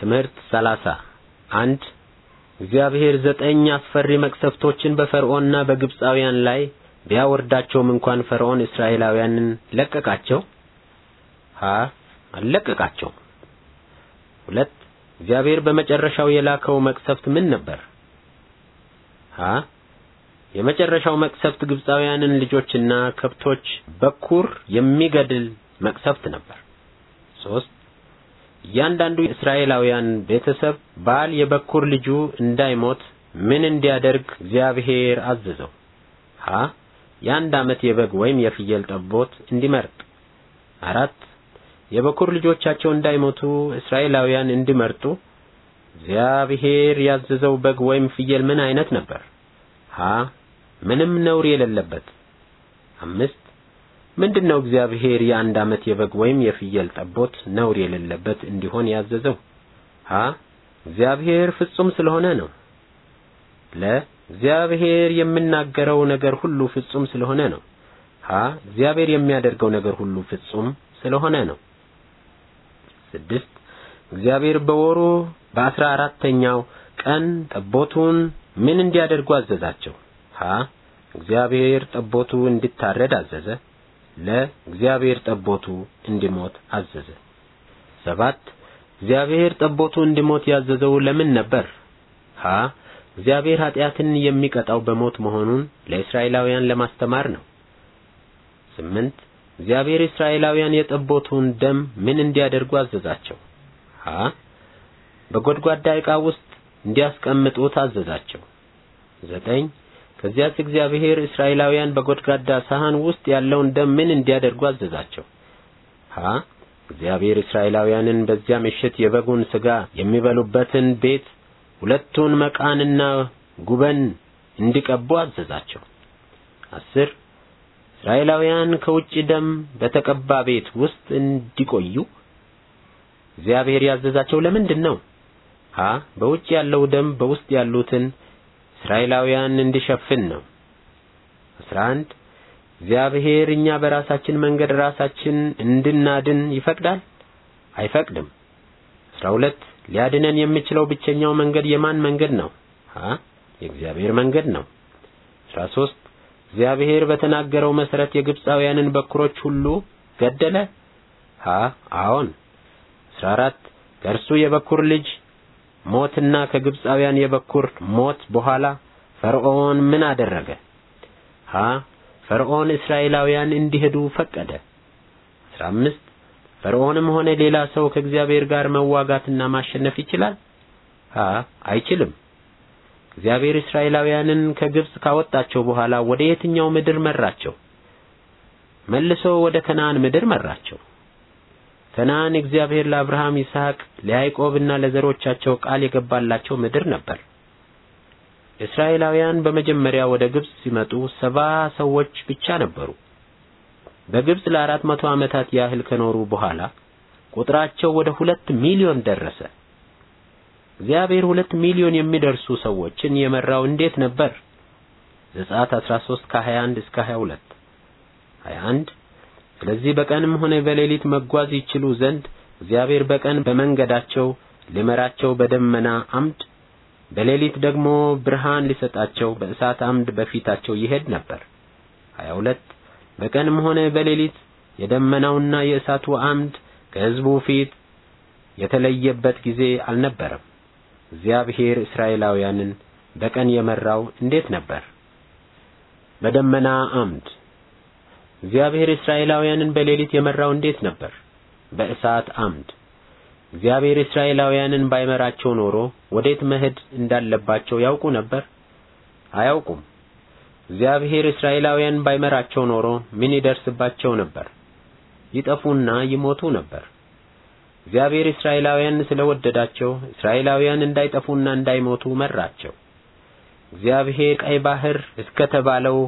ትምህርት 30 አንድ እግዚአብሔር ዘጠኝ አስፈሪ መቅሰፍቶችን በፈርዖንና በግብፃውያን ላይ ቢያወርዳቸውም እንኳን ፈርዖን እስራኤላውያንን ለቀቃቸው? ሀ አለቀቃቸው። ሁለት እግዚአብሔር በመጨረሻው የላከው መቅሰፍት ምን ነበር? ሀ የመጨረሻው መቅሰፍት ግብፃውያንን ልጆችና ከብቶች በኩር የሚገድል መቅሰፍት ነበር። ሶስት ያንዳንዱ እስራኤላውያን ቤተሰብ ባል የበኩር ልጁ እንዳይሞት ምን እንዲያደርግ እግዚአብሔር አዘዘው? ሀ የአንድ ዓመት የበግ ወይም የፍየል ጠቦት እንዲመርጥ። አራት የበኩር ልጆቻቸው እንዳይሞቱ እስራኤላውያን እንዲመርጡ እግዚአብሔር ያዘዘው በግ ወይም ፍየል ምን አይነት ነበር? ሀ ምንም ነውር የሌለበት። አምስት ምንድነው እግዚአብሔር የአንድ ዓመት የበግ ወይም የፍየል ጠቦት ነውር የሌለበት እንዲሆን ያዘዘው? ሀ እግዚአብሔር ፍጹም ስለሆነ ነው። ለ እግዚአብሔር የምናገረው ነገር ሁሉ ፍጹም ስለሆነ ነው። ሀ እግዚአብሔር የሚያደርገው ነገር ሁሉ ፍጹም ስለሆነ ነው። ስድስት እግዚአብሔር በወሩ በአስራ አራተኛው ቀን ጠቦቱን ምን እንዲያደርጉ አዘዛቸው? ሀ እግዚአብሔር ጠቦቱ እንዲታረድ አዘዘ። ለእግዚአብሔር ጠቦቱ እንዲሞት አዘዘ። ሰባት እግዚአብሔር ጠቦቱ እንዲሞት ያዘዘው ለምን ነበር? ሀ እግዚአብሔር ኃጢአትን የሚቀጣው በሞት መሆኑን ለእስራኤላውያን ለማስተማር ነው። ስምንት እግዚአብሔር እስራኤላውያን የጠቦቱን ደም ምን እንዲያደርጉ አዘዛቸው? ሀ በጎድጓዳ ዕቃ ውስጥ እንዲያስቀምጡት አዘዛቸው። ዘጠኝ ከዚያስ እግዚአብሔር እስራኤላውያን በጎድጓዳ ሳህን ውስጥ ያለውን ደም ምን እንዲያደርጉ አዘዛቸው? ሀ እግዚአብሔር እስራኤላውያንን በዚያ ምሽት የበጉን ሥጋ የሚበሉበትን ቤት ሁለቱን መቃንና ጉበን እንዲቀቡ አዘዛቸው። አስር እስራኤላውያን ከውጭ ደም በተቀባ ቤት ውስጥ እንዲቆዩ እግዚአብሔር ያዘዛቸው ለምንድን ነው? ሀ በውጭ ያለው ደም በውስጥ ያሉትን እስራኤላውያን እንዲሸፍን ነው። 11 እግዚአብሔር እኛ በራሳችን መንገድ ራሳችን እንድናድን ይፈቅዳል? አይፈቅድም። 12 ሊያድነን የሚችለው ብቸኛው መንገድ የማን መንገድ ነው? አ የእግዚአብሔር መንገድ ነው። 13 እግዚአብሔር በተናገረው መሰረት የግብፃውያንን በኩሮች ሁሉ ገደለ? ሀ አዎን። 14 ከእርሱ የበኩር ልጅ ሞትና ከግብፃውያን የበኩር ሞት በኋላ ፈርዖን ምን አደረገ? ሀ ፈርዖን እስራኤላውያን እንዲሄዱ ፈቀደ። 15 ፈርዖንም ሆነ ሌላ ሰው ከእግዚአብሔር ጋር መዋጋትና ማሸነፍ ይችላል? ሀ አይችልም። እግዚአብሔር እስራኤላውያንን ከግብፅ ካወጣቸው በኋላ ወደ የትኛው ምድር መራቸው? መልሶ ወደ ከነዓን ምድር መራቸው። ከነዓን እግዚአብሔር ለአብርሃም ይስሐቅ፣ ለያዕቆብና ለዘሮቻቸው ቃል የገባላቸው ምድር ነበር። እስራኤላውያን በመጀመሪያ ወደ ግብጽ ሲመጡ ሰባ ሰዎች ብቻ ነበሩ። በግብጽ ለአራት መቶ ዓመታት ያህል ከኖሩ በኋላ ቁጥራቸው ወደ ሁለት ሚሊዮን ደረሰ። እግዚአብሔር ሁለት ሚሊዮን የሚደርሱ ሰዎችን የመራው እንዴት ነበር? ዘጸአት 13 ከ21 እስከ 22 21 ስለዚህ በቀንም ሆነ በሌሊት መጓዝ ይችሉ ዘንድ እግዚአብሔር በቀን በመንገዳቸው ሊመራቸው በደመና አምድ፣ በሌሊት ደግሞ ብርሃን ሊሰጣቸው በእሳት አምድ በፊታቸው ይሄድ ነበር። 22 በቀንም ሆነ በሌሊት የደመናውና የእሳቱ አምድ ከሕዝቡ ፊት የተለየበት ጊዜ አልነበረም። እግዚአብሔር እስራኤላውያንን በቀን የመራው እንዴት ነበር? በደመና አምድ እግዚአብሔር እስራኤላውያንን በሌሊት የመራው እንዴት ነበር? በእሳት አምድ። እግዚአብሔር እስራኤላውያንን ባይመራቸው ኖሮ ወዴት መሄድ እንዳለባቸው ያውቁ ነበር? አያውቁም። እግዚአብሔር እስራኤላውያን ባይመራቸው ኖሮ ምን ይደርስባቸው ነበር? ይጠፉና ይሞቱ ነበር። እግዚአብሔር እስራኤላውያን ስለወደዳቸው እስራኤላውያን እንዳይጠፉና እንዳይሞቱ መራቸው። እግዚአብሔር ቀይ ባህር እስከተባለው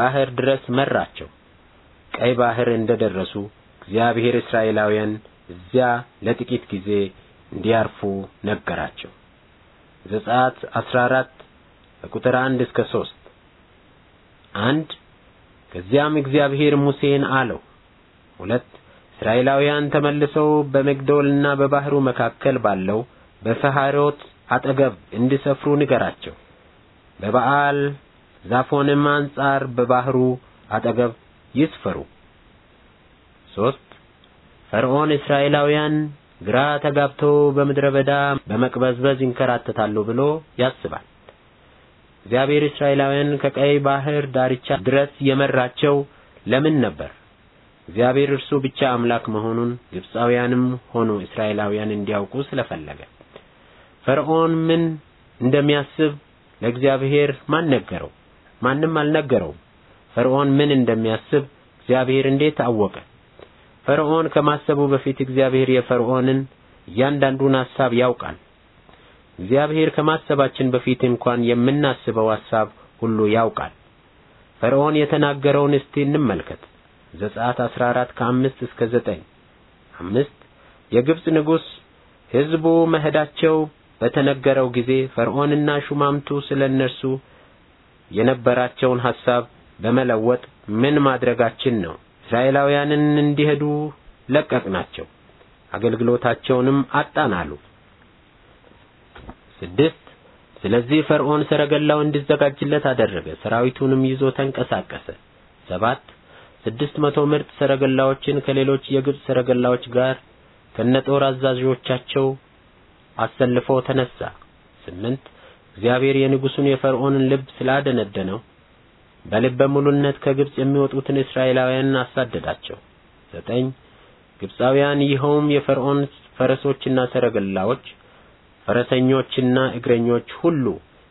ባህር ድረስ መራቸው። ቀይ ባህር እንደደረሱ እግዚአብሔር እስራኤላውያን እዚያ ለጥቂት ጊዜ እንዲያርፉ ነገራቸው። ዘጸአት 14 ከቁጥር 1 እስከ 3 አንድ ከዚያም እግዚአብሔር ሙሴን አለው፣ ሁለት እስራኤላውያን ተመልሰው በመግዶልና በባህሩ መካከል ባለው በፈሃሮት አጠገብ እንዲሰፍሩ ንገራቸው። በበዓል ዛፎንም አንጻር በባህሩ አጠገብ ይስፈሩ። ሶስት ፈርዖን እስራኤላውያን ግራ ተጋብቶ በምድረ በዳ በመቅበዝበዝ ይንከራተታሉ ብሎ ያስባል። እግዚአብሔር እስራኤላውያን ከቀይ ባህር ዳርቻ ድረስ የመራቸው ለምን ነበር? እግዚአብሔር እርሱ ብቻ አምላክ መሆኑን ግብፃውያንም ሆኑ እስራኤላውያን እንዲያውቁ ስለፈለገ። ፈርዖን ምን እንደሚያስብ ለእግዚአብሔር ማን ነገረው? ማንም አልነገረውም። ፈርዖን ምን እንደሚያስብ እግዚአብሔር እንዴት አወቀ? ፈርዖን ከማሰቡ በፊት እግዚአብሔር የፈርዖንን እያንዳንዱን ሐሳብ ያውቃል። እግዚአብሔር ከማሰባችን በፊት እንኳን የምናስበው ሐሳብ ሁሉ ያውቃል። ፈርዖን የተናገረውን እስቲ እንመልከት። ዘጸአት 14 ከ5 እስከ 9 5 የግብፅ ንጉሥ ሕዝቡ መሄዳቸው በተነገረው ጊዜ ፈርዖንና ሹማምቱ ስለ እነርሱ የነበራቸውን ሐሳብ በመለወጥ ምን ማድረጋችን ነው። እስራኤላውያንን እንዲሄዱ ለቀቅናቸው፣ አገልግሎታቸውንም አጣን አሉ። ስድስት ስለዚህ ፈርዖን ሰረገላው እንዲዘጋጅለት አደረገ፣ ሰራዊቱንም ይዞ ተንቀሳቀሰ። ሰባት ስድስት መቶ ምርጥ ሰረገላዎችን ከሌሎች የግብፅ ሰረገላዎች ጋር ከነጦር አዛዦቻቸው አሰልፎ ተነሳ። ስምንት እግዚአብሔር የንጉሡን የፈርዖንን ልብ ስላደነደነው በልበ ሙሉነት ከግብጽ የሚወጡትን እስራኤላውያንን አሳደዳቸው። ዘጠኝ ግብጻውያን ይኸውም የፈርዖን ፈረሶችና ሰረገላዎች፣ ፈረሰኞችና እግረኞች ሁሉ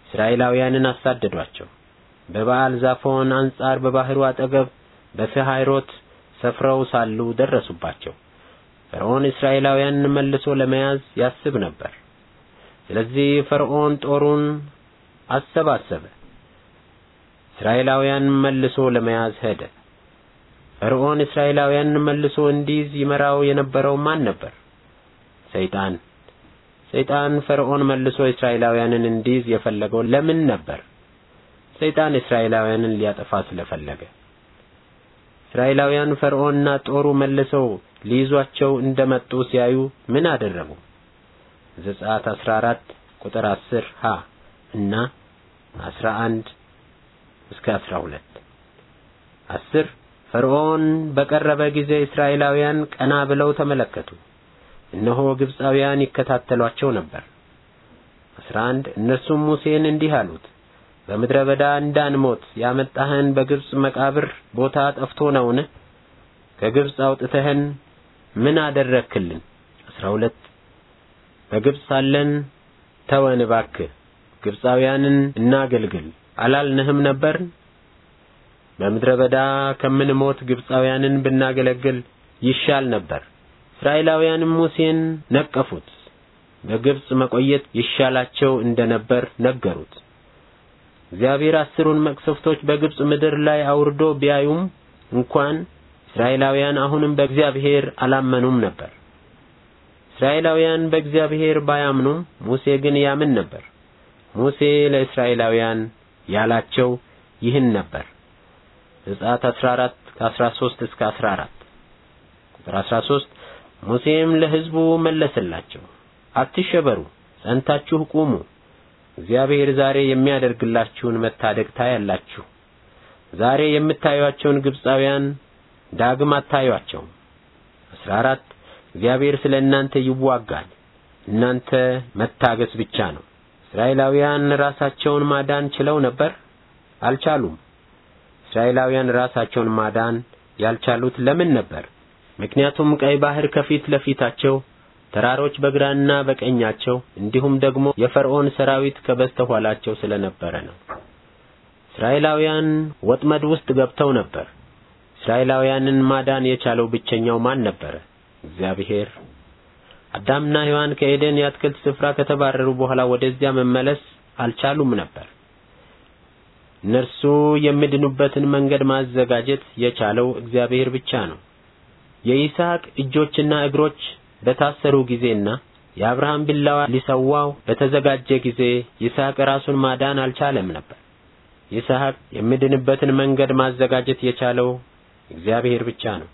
እስራኤላውያንን አሳደዷቸው። በበዓል ዛፎን አንጻር በባህሩ አጠገብ በፈሃይሮት ሰፍረው ሳሉ ደረሱባቸው። ፈርዖን እስራኤላውያንን መልሶ ለመያዝ ያስብ ነበር። ስለዚህ ፈርዖን ጦሩን አሰባሰበ፣ እስራኤላውያን መልሶ ለመያዝ ሄደ። ፈርዖን እስራኤላውያን መልሶ እንዲይዝ ይመራው የነበረው ማን ነበር? ሰይጣን። ሰይጣን ፈርዖን መልሶ እስራኤላውያንን እንዲይዝ የፈለገው ለምን ነበር? ሰይጣን እስራኤላውያንን ሊያጠፋ ስለፈለገ። እስራኤላውያን ፈርዖንና ጦሩ መልሰው ሊይዟቸው እንደመጡ ሲያዩ ምን አደረጉ? ዘጸአት 14 ቁጥር 10 ሀ እና 11 እስከ 12 10 ፈርዖን በቀረበ ጊዜ እስራኤላውያን ቀና ብለው ተመለከቱ። እነሆ ግብፃውያን ይከታተሏቸው ነበር። 11 አንድ እነርሱም ሙሴን እንዲህ አሉት፣ በምድረ በዳ እንዳንሞት ያመጣህን በግብፅ መቃብር ቦታ ጠፍቶ ነውን? ከግብፅ አውጥተህን ምን አደረክልን? አስራ ሁለት በግብፅ ሳለን ተወን እባክህ፣ ግብፃውያንን እናገልግል አላልንህም ነበር? በምድረ በዳ ከምንሞት ግብፃውያንን ብናገለግል ይሻል ነበር። እስራኤላውያንም ሙሴን ነቀፉት፣ በግብፅ መቆየት ይሻላቸው እንደነበር ነገሩት። እግዚአብሔር አስሩን መቅሰፍቶች በግብፅ ምድር ላይ አውርዶ ቢያዩም እንኳን እስራኤላውያን አሁንም በእግዚአብሔር አላመኑም ነበር። እስራኤላውያን በእግዚአብሔር ባያምኑም ሙሴ ግን ያምን ነበር። ሙሴ ለእስራኤላውያን ያላቸው ይህን ነበር። ዘጸአት 14 ከ13 እስከ 14 ቁጥር 13 ሙሴም ለሕዝቡ መለሰላቸው፣ አትሸበሩ፣ ጸንታችሁ ቁሙ፣ እግዚአብሔር ዛሬ የሚያደርግላችሁን መታደግ ታያላችሁ። ዛሬ የምታዩአቸውን ግብፃውያን ዳግም አታዩአቸውም። 14 እግዚአብሔር ስለ እናንተ ይዋጋል፣ እናንተ መታገስ ብቻ ነው። እስራኤላውያን ራሳቸውን ማዳን ችለው ነበር? አልቻሉም። እስራኤላውያን ራሳቸውን ማዳን ያልቻሉት ለምን ነበር? ምክንያቱም ቀይ ባህር ከፊት ለፊታቸው፣ ተራሮች በግራና በቀኛቸው እንዲሁም ደግሞ የፈርዖን ሰራዊት ከበስተኋላቸው ስለነበረ ነው። እስራኤላውያን ወጥመድ ውስጥ ገብተው ነበር። እስራኤላውያንን ማዳን የቻለው ብቸኛው ማን ነበረ? እግዚአብሔር አዳምና ሔዋን ከኤደን የአትክልት ስፍራ ከተባረሩ በኋላ ወደዚያ መመለስ አልቻሉም ነበር። እነርሱ የሚድኑበትን መንገድ ማዘጋጀት የቻለው እግዚአብሔር ብቻ ነው። የይስሐቅ እጆችና እግሮች በታሰሩ ጊዜና የአብርሃም ቢላዋ ሊሰዋው በተዘጋጀ ጊዜ ይስሐቅ ራሱን ማዳን አልቻለም ነበር። ይስሐቅ የሚድንበትን መንገድ ማዘጋጀት የቻለው እግዚአብሔር ብቻ ነው።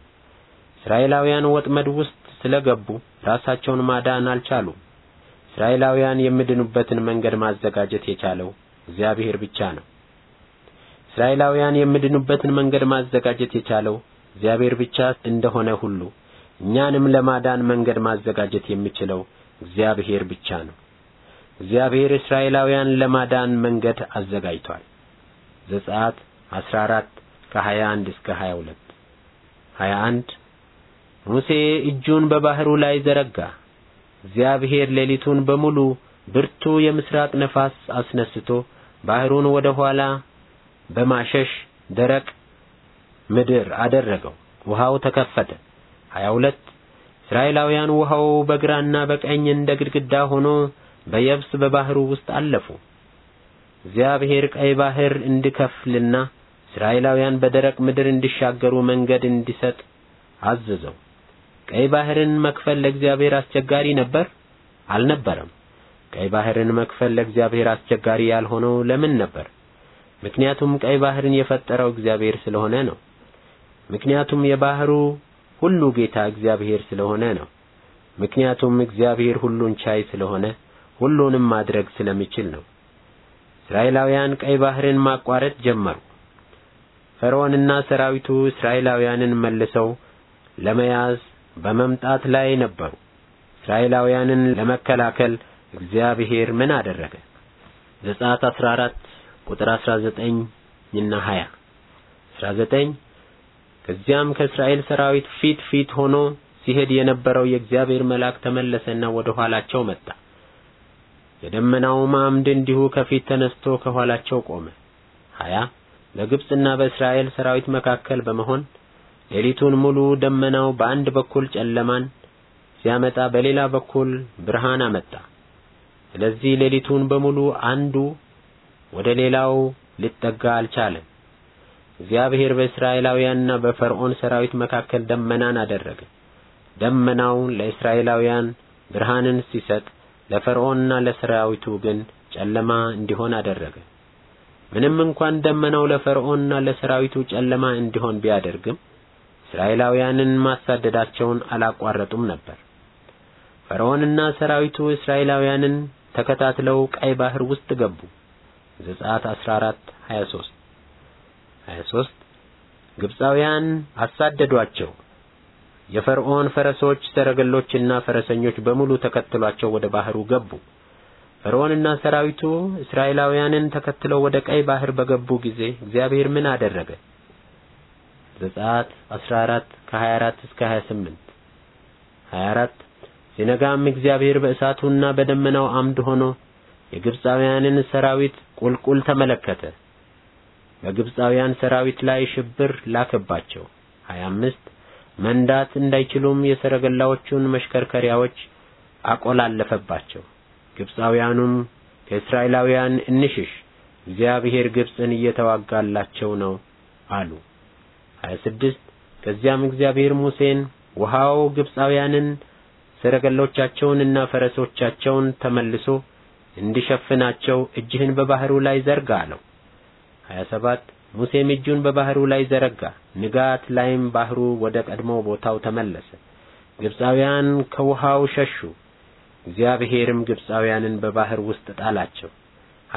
እስራኤላውያን ወጥመድ ውስጥ ስለገቡ ራሳቸውን ማዳን አልቻሉም። እስራኤላውያን የሚድኑበትን መንገድ ማዘጋጀት የቻለው እግዚአብሔር ብቻ ነው። እስራኤላውያን የሚድኑበትን መንገድ ማዘጋጀት የቻለው እግዚአብሔር ብቻ እንደሆነ ሁሉ እኛንም ለማዳን መንገድ ማዘጋጀት የሚችለው እግዚአብሔር ብቻ ነው። እግዚአብሔር እስራኤላውያን ለማዳን መንገድ አዘጋጅቷል። ዘጸአት 14 ከ21 እስከ 22 21 ሙሴ እጁን በባህሩ ላይ ዘረጋ። እግዚአብሔር ሌሊቱን በሙሉ ብርቱ የምስራቅ ነፋስ አስነስቶ ባህሩን ወደ ኋላ በማሸሽ ደረቅ ምድር አደረገው። ውሃው ተከፈተ። 22 እስራኤላውያን ውሃው በግራና በቀኝ እንደ ግድግዳ ሆኖ በየብስ በባህሩ ውስጥ አለፉ። እግዚአብሔር ቀይ ባህር እንዲከፍልና እስራኤላውያን በደረቅ ምድር እንዲሻገሩ መንገድ እንዲሰጥ አዘዘው። ቀይ ባህርን መክፈል ለእግዚአብሔር አስቸጋሪ ነበር? አልነበረም። ቀይ ባህርን መክፈል ለእግዚአብሔር አስቸጋሪ ያልሆነው ለምን ነበር? ምክንያቱም ቀይ ባህርን የፈጠረው እግዚአብሔር ስለሆነ ነው። ምክንያቱም የባህሩ ሁሉ ጌታ እግዚአብሔር ስለሆነ ነው። ምክንያቱም እግዚአብሔር ሁሉን ቻይ ስለሆነ ሁሉንም ማድረግ ስለሚችል ነው። እስራኤላውያን ቀይ ባህርን ማቋረጥ ጀመሩ። ፈርዖንና ሰራዊቱ እስራኤላውያንን መልሰው ለመያዝ በመምጣት ላይ ነበሩ። እስራኤላውያንን ለመከላከል እግዚአብሔር ምን አደረገ? ዘጸአት 14 ቁጥር 19 እና 20 19 ከዚያም ከእስራኤል ሰራዊት ፊት ፊት ሆኖ ሲሄድ የነበረው የእግዚአብሔር መልአክ ተመለሰና ወደ ኋላቸው መጣ። የደመናውም አምድ እንዲሁ ከፊት ተነስቶ ከኋላቸው ቆመ። 20 በግብጽና በእስራኤል ሰራዊት መካከል በመሆን ሌሊቱን ሙሉ ደመናው በአንድ በኩል ጨለማን ሲያመጣ በሌላ በኩል ብርሃን አመጣ። ስለዚህ ሌሊቱን በሙሉ አንዱ ወደ ሌላው ሊጠጋ አልቻለም። እግዚአብሔር በእስራኤላውያንና በፈርዖን ሰራዊት መካከል ደመናን አደረገ። ደመናው ለእስራኤላውያን ብርሃንን ሲሰጥ፣ ለፈርዖንና ለሰራዊቱ ግን ጨለማ እንዲሆን አደረገ። ምንም እንኳን ደመናው ለፈርዖንና ለሰራዊቱ ጨለማ እንዲሆን ቢያደርግም እስራኤላውያንን ማሳደዳቸውን አላቋረጡም ነበር። ፈርዖንና ሰራዊቱ እስራኤላውያንን ተከታትለው ቀይ ባህር ውስጥ ገቡ። ዘጸአት 14 23 23 ግብፃውያን አሳደዷቸው። የፈርዖን ፈረሶች፣ ሰረገሎችና ፈረሰኞች በሙሉ ተከትሏቸው ወደ ባህሩ ገቡ። ፈርዖንና ሰራዊቱ እስራኤላውያንን ተከትለው ወደ ቀይ ባህር በገቡ ጊዜ እግዚአብሔር ምን አደረገ? ዘጸአት 14 ከ24 እስከ 28 24 ሲነጋም እግዚአብሔር በእሳቱና በደመናው አምድ ሆኖ የግብፃውያንን ሰራዊት ቁልቁል ተመለከተ። በግብፃውያን ሰራዊት ላይ ሽብር ላከባቸው። 25 መንዳት እንዳይችሉም የሰረገላዎቹን መሽከርከሪያዎች አቆላለፈባቸው። ግብፃውያኑም ከእስራኤላውያን እንሽሽ፣ እግዚአብሔር ግብፅን እየተዋጋላቸው ነው አሉ። 26 ከዚያም እግዚአብሔር ሙሴን ውሃው ግብፃውያንን ሰረገሎቻቸውንና ፈረሶቻቸውን ተመልሶ እንዲሸፍናቸው እጅህን በባህሩ ላይ ዘርጋ አለው። 27 ሙሴም እጁን በባህሩ ላይ ዘረጋ፣ ንጋት ላይም ባህሩ ወደ ቀድሞ ቦታው ተመለሰ። ግብፃውያን ከውሃው ሸሹ። እግዚአብሔርም ግብፃውያንን በባህር ውስጥ ጣላቸው።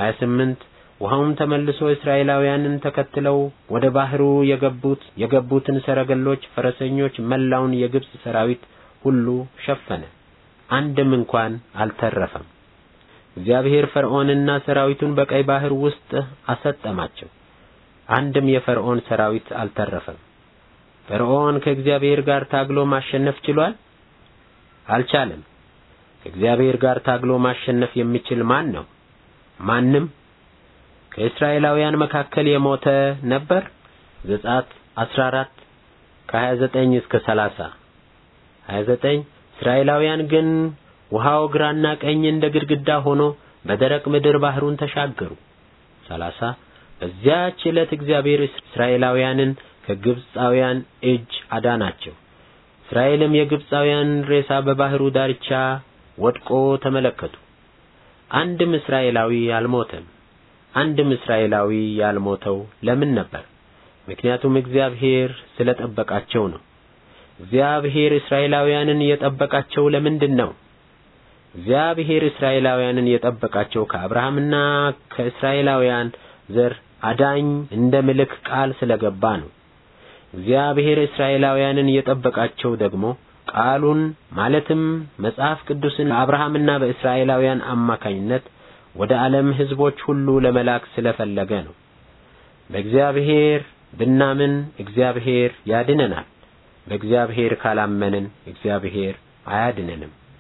28 ውሃውም ተመልሶ እስራኤላውያንን ተከትለው ወደ ባህሩ የገቡት የገቡትን ሰረገሎች፣ ፈረሰኞች መላውን የግብጽ ሰራዊት ሁሉ ሸፈነ፣ አንድም እንኳን አልተረፈም። እግዚአብሔር ፈርዖንና ሰራዊቱን በቀይ ባህር ውስጥ አሰጠማቸው፣ አንድም የፈርዖን ሰራዊት አልተረፈም። ፈርዖን ከእግዚአብሔር ጋር ታግሎ ማሸነፍ ችሏል? አልቻለም። ከእግዚአብሔር ጋር ታግሎ ማሸነፍ የሚችል ማን ነው? ማንም ከእስራኤላውያን መካከል የሞተ ነበር? ዘጸአት 14 ከ29 እስከ 30 29 እስራኤላውያን ግን ውሃው ግራና ቀኝ እንደ ግድግዳ ሆኖ በደረቅ ምድር ባህሩን ተሻገሩ። 30 በዚያች ዕለት እግዚአብሔር እስራኤላውያንን ከግብፃውያን እጅ አዳናቸው። እስራኤልም የግብፃውያን ሬሳ በባህሩ ዳርቻ ወድቆ ተመለከቱ። አንድም እስራኤላዊ አልሞተም። አንድም እስራኤላዊ ያልሞተው ለምን ነበር? ምክንያቱም እግዚአብሔር ስለጠበቃቸው ነው። እግዚአብሔር እስራኤላውያንን የጠበቃቸው ለምንድን ነው? እግዚአብሔር እስራኤላውያንን የጠበቃቸው ከአብርሃምና ከእስራኤላውያን ዘር አዳኝ እንደ ምልክ ቃል ስለገባ ነው። እግዚአብሔር እስራኤላውያንን የጠበቃቸው ደግሞ ቃሉን ማለትም መጽሐፍ ቅዱስን በአብርሃምና በእስራኤላውያን አማካኝነት ወደ ዓለም ሕዝቦች ሁሉ ለመላክ ስለፈለገ ነው። በእግዚአብሔር ብናምን እግዚአብሔር ያድነናል። በእግዚአብሔር ካላመንን እግዚአብሔር አያድነንም።